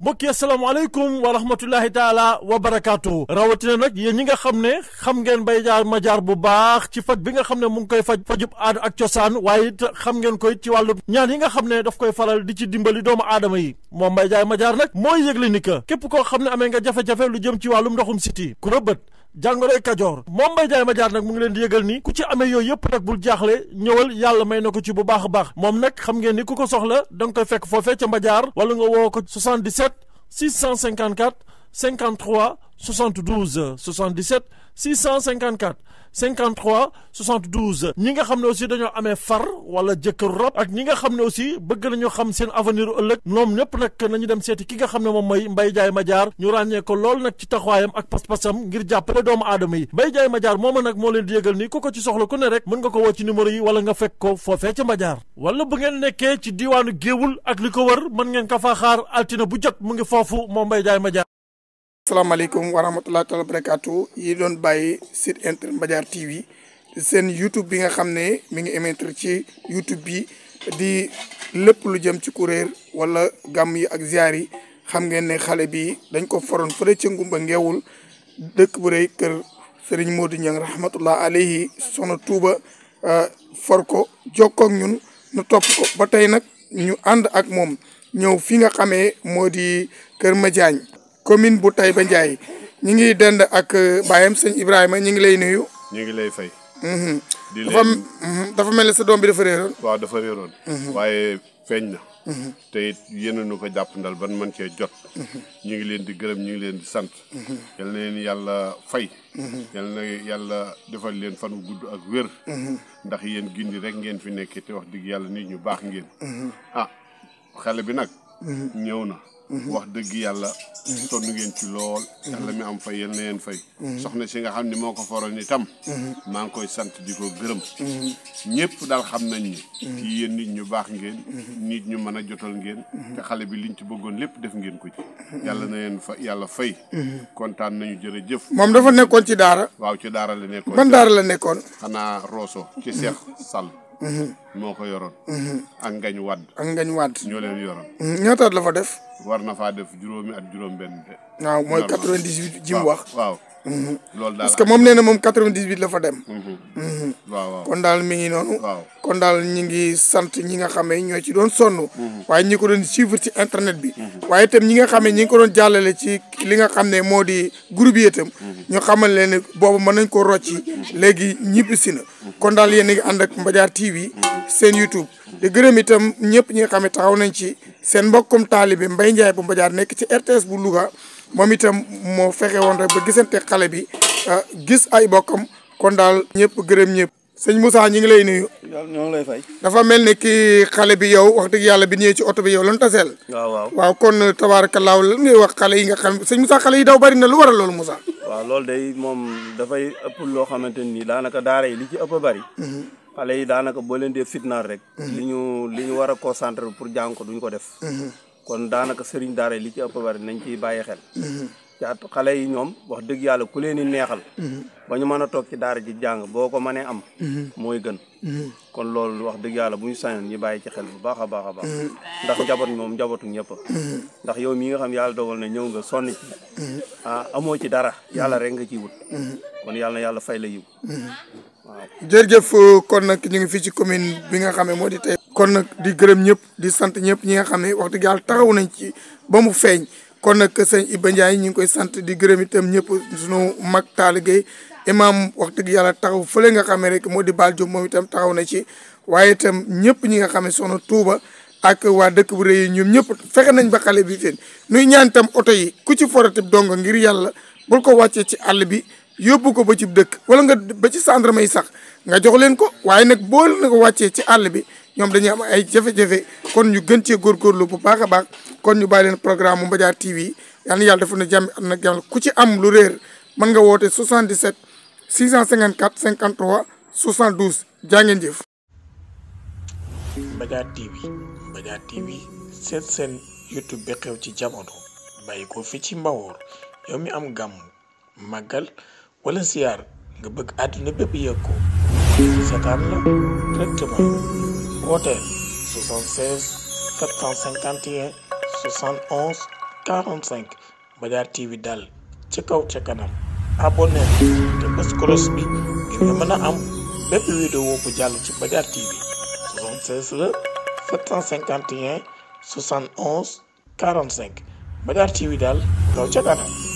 mbokki yi wa rahmatullahi taala wa barakaatu rawatina nag yéen ñi nga xam ne xam ngeen bay jaar ma jaar bu baax ci faj bi nga xam ne mu ngi koy faj fajub aada ak cosaan waaye it xam ngeen koy ci wàllu ñaan yi nga xam ne daf koy faral di ci dimbali doomu aadama yi moom mbay jaay ma jaar nag mooy yëgle ni que képp koo xam ne amee nga jafe-jafe lu jëm ci wàllum ndoxum siti ku rëbët jàngoroy kajoor moom Mbaye Ndiaye Madiar nag mu ngi leen di yëgal ni ku ci amee yooyu yëpp nag bul jaaxle ñëwal yàlla may na ko ci bu baax a baax moom nag xam ngeen ni ku ko soxla da nga koy fekk foofee ca Madiar wala nga woo ko 77 654 53 72 77 654 53 72 ñi nga xam ne aussi dañoo amee far wala jëkkër rob ak ñi nga xam ne aussi bëgg nañoo xam seen avenir ëllëg ñoom ñëpp nag nañu dem seeti ki nga xam ne moom mooy Mbaye Ndiaye Madiar ñu ràññee ko lool nag ci taxawaayam ak pas-pasam ngir jàppale doomu aadama yi Mbaye Ndiaye Madiar mooma nag moo leen di yëgal ni ku ko ci soxla ku ne rek mën nga ko woo ci numéro yi wala nga fekk ko foofee ca Madiar wala bu ngeen nekkee ci diwaanu Géewul ak li wër mën ngeen ko faa xaar altine bu jot mu ngi foofu moom Mbaye Ndiaye Madiar asalaamaaleykum wa rahmatulah taala barakaatu yi doon bàyyi site internet Mbadiar TV seen YouTube bi nga xam ne mi ngi émettre ci YouTube bi di lépp lu jëm ci kuréel wala gàmm yi ak ziar xam nga ne xale bi dañ ko foroon fële ci Ngumba Ngeewul dëkk bu rëy kër Serigne Modou Niang rahmatullah alayhi soxna Touba euh, for ko jokkoog ñun nu topp ko ba tey nag ñu ànd ak moom ñëw fi nga xamee moo di kër Madiagne commune bu ba Ndiaye ñu ngi dend ak euh, baayam sëñ Ibrahima ñu ngi lay nuyu. ñu ngi lay fay. Mhm. di dafa mhm, dafa mel ni sa doom bi dafa réeroon. waaw dafa réeroon. Mhm. waaye feeñ na. te it yéen nu ko jàpp ndal ban man cee jot. ñu ngi leen di gërëm ñu ngi leen di sant. yal na leen yàlla fay. yal na yàlla defal leen fanu wu gudd ak wér. ndax yéen gindi rek ngeen fi nekkee te wax digg yàlla nit ñu baax ngeen. ah xale bi nag. ñëw na. Mm-hmm. wax dëgg yàlla mm-hmm. sonn ngeen ci lool mm-hmm. yàlla mi am fay yal na yeen fay soxna si nga xam ne moo ko faral ni tam maa ngi koy sant di ko gërëm ñëpp daal xam nañ ni ci yéen nit ñu baax ngeen nit ñu mën a jotal ngeen te xale bi liñ ci bëggoon lépp def ngeen ko ci yàlla na yeen fa yàlla fay kontaan nañu jëf moom dafa nekkoon ci daara waaw ci daara la nekkoon ban daara la nekkoon xanaa Rosso ci Cheikh Sall moo ko yoroon. ak ngañ wadd. ak ngañ wadd. ñoo leen yoroon. ñaata at la fa def. war na faa def juróomi at juróom-benn de. waaw mooy quatre-vingt-dix-huit ji mu wax waaw. loolu daal parce que moom nee na moom quatre-vingt-dix-huit la fa dem. waaw kon daal mi ngi noonu. kon daal ñi ngi sant ñi nga xamee ñoo ci doon sonn. waaye ñi ko doon suivre ci internet bi. waaye itam ñi nga xamee ñi ngi ko doon jàllale ci li nga xam ne moo di groupe yi itam. ñu xamal leen ne boobu mën nañ ko rocci léegi ñibbi na kon daal yéen a ngi ànd ak Mbadiar TV seen YouTube di gërëm itam ñëpp ñi nga xam ne taxaw nañ ci seen mbokkum taalibe mbay Ndiaye bu Mbadiar nekk ci RTS bu Louga moom itam moo fexe woon rek ba gisante xale bi ah, gis ay bokkam kon daal ñëpp gërëm ñëpp. sëñ Moussa ñi ngi lay nuyu. ñoo ngi fay. dafa mel ni ki xale bi yow wax dëgg yàlla bi ñëwee ci oto bi yow lan taseel. waaw waaw waaw kon tabaarakallaahu lan ngay wax xale yi nga xam sëñ Moussa xale yi daw bari na lu loolu musa waaw loolu day moom dafay ëpp loo xamante ni daanaka daara yi li ci ëpp a bari. Mm-hmm. xale yi daanaka boo leen dee fitnaal rek. Mm-hmm. li ñu li ñu war a concentré pour jàng ko ko def. Mm-hmm. kon daanaka sëriñ daara li ci ëpp bari nañ ciy bàyyi xel. ca xale yi ñoom wax dëgg yàlla ku leen di neexal mhm. ba ñu mën a toog ci daara ji jàng boo ko mënee am mhm. mooy gën mhm. kon loolu wax dëgg yàlla bu ñu sañoon ñu bàyyi ci xel bu baax a baax a baax ndax njaboot moom njabootu ñëpp ndax yow mii nga xam yàlla dogal na ñëw nga sonn a ah amoo ci dara yàlla rek nga ciy wut kon yàlla yàlla fay la yiw waaw jërëjëf kon nag ñu ngi fii ci commune bi nga xamee ne moo di tey kon nag di gërëm ñëpp di sant ñëpp ñi nga xam ne wax dëgg yàlla taxaw nañ ci ba mu feeñ kon nag sëñ Iba yi ñu ngi koy sant di gërëm itam ñëpp sunu mag taalibe imam wax dëgg yàlla taxaw fële nga xamee rek moo di Baal Diop moom itam taxaw na ci waaye itam ñëpp ñi nga xam ne soxna Touba ak waa dëkk bu rëy yi ñoom ñëpp fexe nañ ba xale bi teen nuy ñaan itam oto yi ku ci forati dong ngir yàlla bul ko wàccee ci àll bi yóbbu ko ba ci dëkk wala nga ba ci gendarmerie sax nga jox leen ko waaye nag boo leen ko wàccee ci àll bi ñom dañuy am ay jafé jafé kon ñu gën gor lu bu baaka baax kon ñu bàyyi leen programme mu TV yalla yalla yàlla na jamm am na jamm ku ci am lu reer man nga woote 77 654 53 72 jaa ngeen jëf. Mbadiar TV Mbadiar TV set sen YouTube be xew ci jamono bàyyi ko fi ci mbawor yow mi am gam magal, wala siar, nga bëgg aduna bëpp yëg ko la directement. woote 76 451 71 45 Mbadiar TV daal ci kaw ca kanam abonné te bés kolos bi ngir nga mën a am lépp vidéo bu jàll ci Mbadiar TV 76 la 751 71 45 Mbadiar TV daal kaw ca kanam